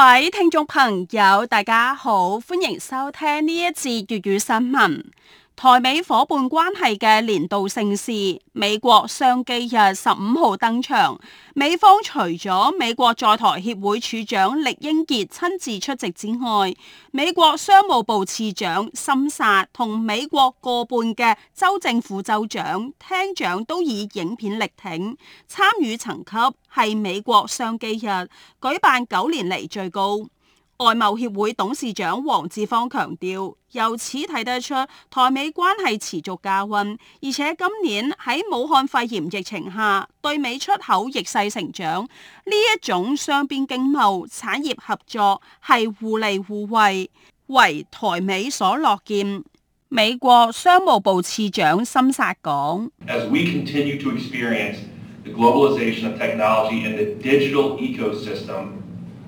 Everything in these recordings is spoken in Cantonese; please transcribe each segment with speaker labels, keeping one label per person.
Speaker 1: 各位聽眾朋友，大家好，歡迎收聽呢一節粵語新聞。台美伙伴關係嘅年度盛事，美國商機日十五號登場。美方除咗美國在台協會處長力英傑親自出席之外，美國商務部次長森薩同美國過半嘅州政府州長廳長都以影片力挺。參與層級係美國商機日舉辦九年嚟最高。外貿協會董事長黃志芳強調，由此睇得出台美關係持續加溫，而且今年喺武漢肺炎疫情下，對美出口逆勢成長，呢一種雙邊經貿產業合作係互利互惠，為台美所樂見。美國商務部次長森薩講。As we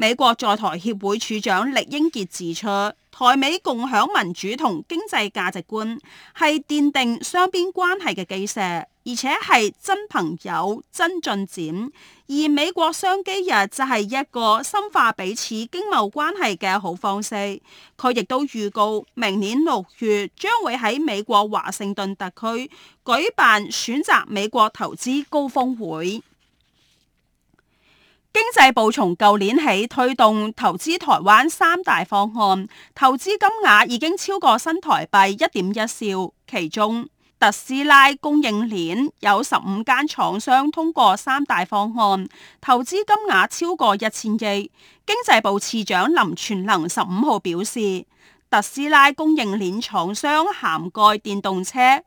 Speaker 1: 美國在台協會處長力英傑指出，台美共享民主同經濟價值觀係奠定雙邊關係嘅基石，而且係真朋友真進展。而美國商機日就係一個深化彼此經貿關係嘅好方式。佢亦都預告明年六月將會喺美國華盛頓特區舉辦選擇美國投資高峰會。經濟部從舊年起推動投資台灣三大方案，投資金額已經超過新台幣一點一兆。其中特斯拉供應鏈有十五間廠商通過三大方案，投資金額超過一千億。經濟部次長林全能十五號表示，特斯拉供應鏈廠商涵蓋電動車。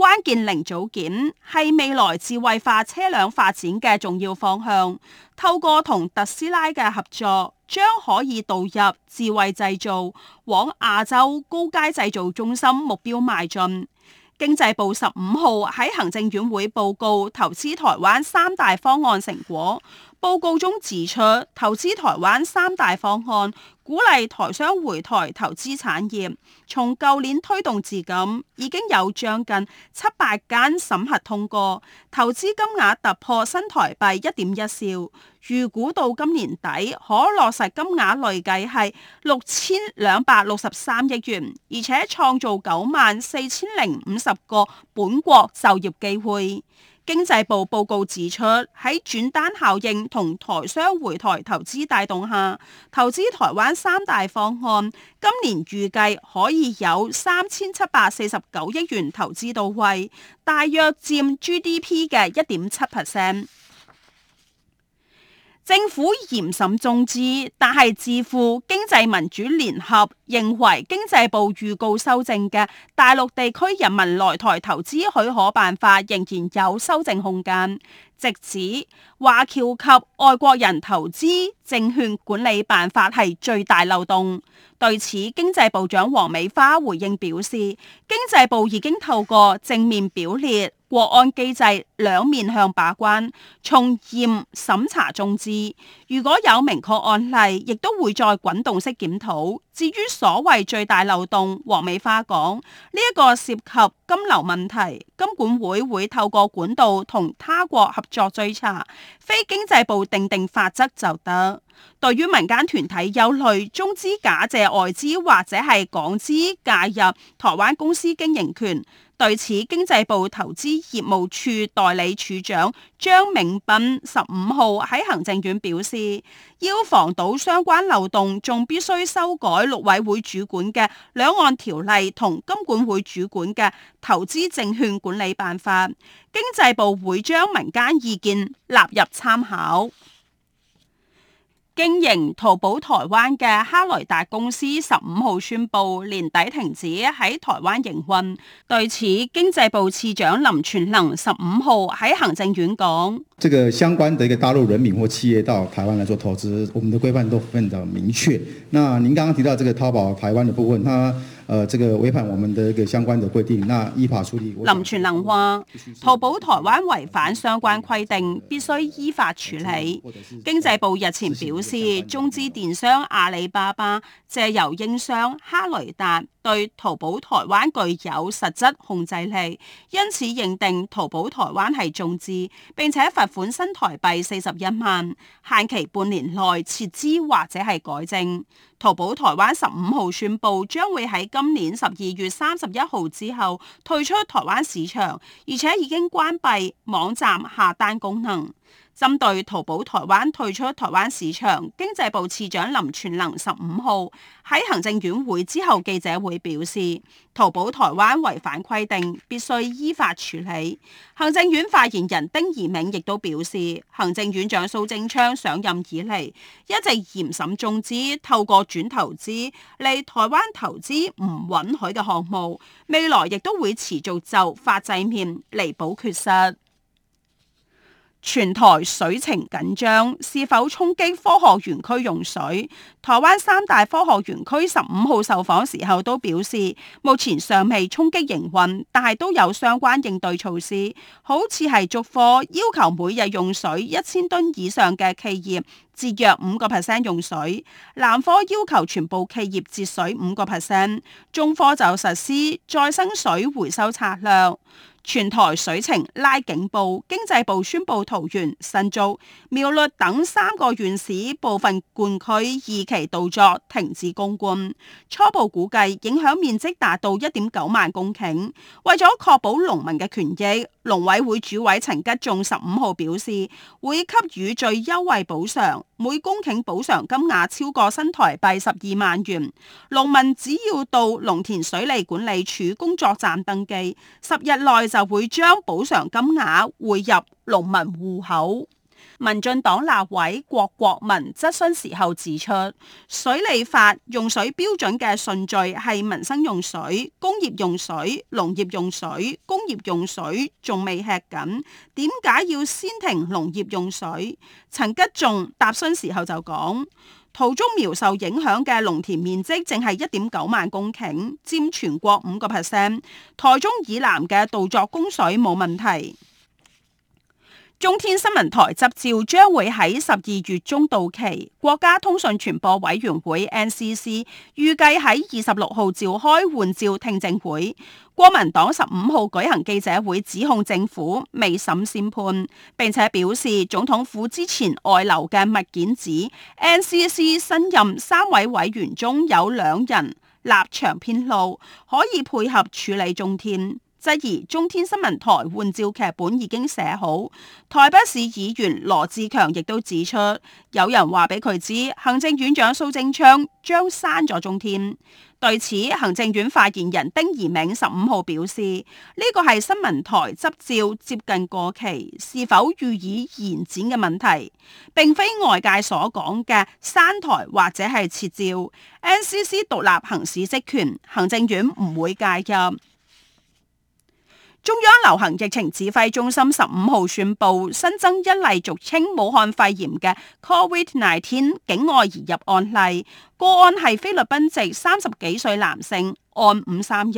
Speaker 1: 關鍵零組件係未來智慧化車輛發展嘅重要方向，透過同特斯拉嘅合作，將可以導入智慧製造，往亞洲高階製造中心目標邁進。經濟部十五號喺行政院會報告投資台灣三大方案成果，報告中指出投資台灣三大方案，鼓勵台商回台投資產業，從舊年推動至今，已經有將近七百間審核通過，投資金額突破新台幣一點一兆，預估到今年底可落實金額累計係六千兩百六十三億元，而且創造九萬四千零五十個本國就業機會。經濟部報告指出，喺轉單效應同台商回台投資帶動下，投資台灣三大方案今年預計可以有三千七百四十九億元投資到位，大約佔 GDP 嘅一點七 percent。政府嚴審中資，但係智庫經濟民主聯合認為，經濟部預告修正嘅大陸地區人民來台投資許可辦法仍然有修正空間，直指華僑及外國人投資證券管理辦法係最大漏洞。對此，經濟部長黃美花回應表示，經濟部已經透過正面表列。國安機制兩面向把關，從嚴審查中資。如果有明確案例，亦都會再滾動式檢討。至於所謂最大漏洞，黃美花講，呢一個涉及金流問題，金管會會透過管道同他國合作追查，非經濟部定定法則就得。對於民間團體有類中資假借外資或者係港資介入台灣公司經營權。對此，經濟部投資業務處代理處長張明斌十五號喺行政院表示，要防堵相關漏洞，仲必須修改陸委會主管嘅兩岸條例同金管會主管嘅投資證券管理辦法，經濟部會將民間意見納入參考。經營淘寶台灣嘅哈萊達公司十五號宣布年底停止喺台灣營運。對此，經濟部次長林全能十五號喺行政院講：這個相關嘅一個大陸人民或企業到台灣嚟做投資，我們的規範都非常明確。那您剛剛提到這個淘寶台灣嘅部分，他。呃，這個違反我們的一個相關的規定，那依法處理。林全能話：淘寶台灣違反相關規定，必須依法處理。經濟部日前表示，中資電商阿里巴巴借由英商哈雷達。對淘寶台灣具有實質控制力，因此認定淘寶台灣係中資，並且罰款新台幣四十一萬，限期半年內撤資或者係改正。淘寶台灣十五號宣布將會喺今年十二月三十一號之後退出台灣市場，而且已經關閉網站下單功能。針對淘寶台灣退出台灣市場，經濟部次長林全能十五號喺行政院會之後，記者會表示，淘寶台灣違反規定，必須依法處理。行政院發言人丁怡銘亦都表示，行政院長蘇貞昌上任以嚟一直嚴審中資透過轉投資嚟台灣投資唔允許嘅項目，未來亦都會持續就法制面彌補缺失。全台水情緊張，是否衝擊科學園區用水？台灣三大科學園區十五號受訪時候都表示，目前尚未衝擊營運，但係都有相關應對措施，好似係竹科，要求每日用水一千噸以上嘅企業節約五個 percent 用水。南科要求全部企業節水五個 percent，中科就實施再生水回收策略。全台水情拉警報，經濟部宣布桃園、新竹、苗栗等三個縣市部分灌區二期稻作停止供灌，初步估計影響面積達到一點九萬公頃，為咗確保農民嘅權益，農委會主委陳吉仲十五號表示，會給予最優惠補償，每公頃補償金額超過新台幣十二萬元。農民只要到農田水利管理處工作站登記，十日內就會將補償金額匯入農民戶口。民進黨立委郭國文質詢時候指出，水利法用水標準嘅順序係民生用水、工業用水、農業用水、工業用水，仲未吃緊，點解要先停農業用水？陳吉仲答詢時候就講，桃竹苗受影響嘅農田面積淨係一點九萬公頃，占全國五個 percent，台中以南嘅稻作供水冇問題。中天新聞台執照將會喺十二月中到期，國家通訊傳播委員會 NCC 預計喺二十六號召開換照聽證會。國民黨十五號舉行記者會指控政府未審先判，並且表示總統府之前外流嘅物件指 NCC 新任三位委員中有兩人立場偏綠，可以配合處理中天。質疑中天新聞台換照劇本已經寫好，台北市議員羅志強亦都指出，有人話俾佢知，行政院長蘇貞昌將刪咗中天。對此，行政院發言人丁怡銘十五號表示，呢個係新聞台執照接近過期，是否予以延展嘅問題，並非外界所講嘅刪台或者係撤照。NCC 獨立行使職權，行政院唔會介入。中央流行疫情指揮中心十五號宣布新增一例俗稱武漢肺炎嘅 COVID-19 境外移入案例，個案係菲律賓籍三十幾歲男性，案五三一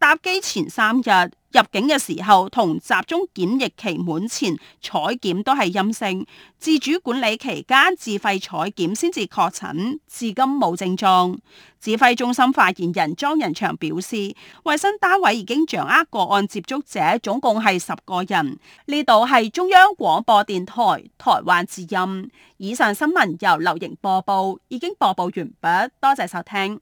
Speaker 1: 搭機前三日。入境嘅時候同集中檢疫期滿前採檢都係陰性，自主管理期間自費採檢先至確診，至今冇症狀。指揮中心發言人莊人祥表示，衛生單位已經掌握個案接觸者總共係十個人。呢度係中央廣播電台台灣之音。以上新聞由劉瑩播報，已經播報完畢，多謝收聽。